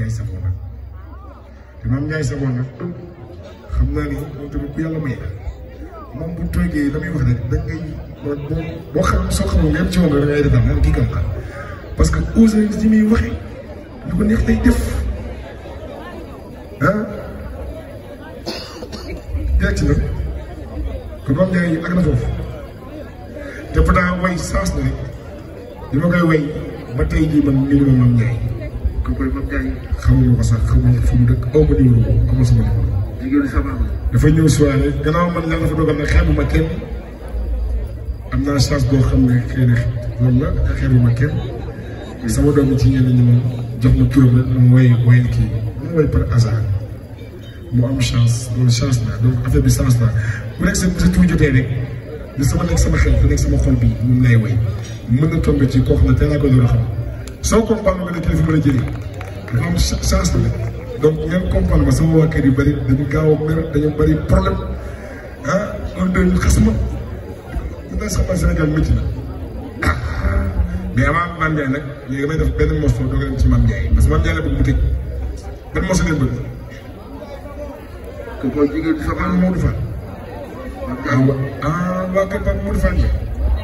Ndiaye Savon nag te maam Ndiaye Savon xam naa ni moom tamit ku yàlla may moom bu toogee la wax rek da ngay boo boo xam soo xamul yëpp ci moom rek da parce que osé si muy waxee ci nag kon maam Ndiaye foofu te way saas na rek li ma way ba tey jii man ni mu maam Ndiaye. xam ko moom gaañ. xamuñu ko sax xamuñu fu mu dëkk aw ma numéro boobu amul sama numéro. liggéeyu sama dafa ñëw soirée gannaaw man yàlla dafa dogal nag xeebu ma kenn am naa chance boo xam ne xëy na loolu la xeebu ma kenn sama doom ci ñenn ñi moom jox ma turam rek mu woy woy kii mu woy par hasard mu am chance loolu chance la donc affaire bi chance la bu nekk sa sa tur jotee rek li sama nekk sama xel te nekk sama xol bi moom lay woy mën na tombé ci koo xam ne teel naa ko doon xam soo ko mbaa nga ne téléphone la jëlee. dafa am chance la donc ngeen comprendre ma sama waa kër yi bëri dañu gaaw a mer dañu bëri problème ah loolu dañu xas ma bu dee sax Sénégal métti na mais avant Mame Ndiaye nag léegi damay def ci Mame Ndiaye parce que Mame Ndiaye la bëgg mu tëj benn morceau ngeen bëgg. kooku jigéen bi sax Mamadou Fall. ah waaw ah waaw kër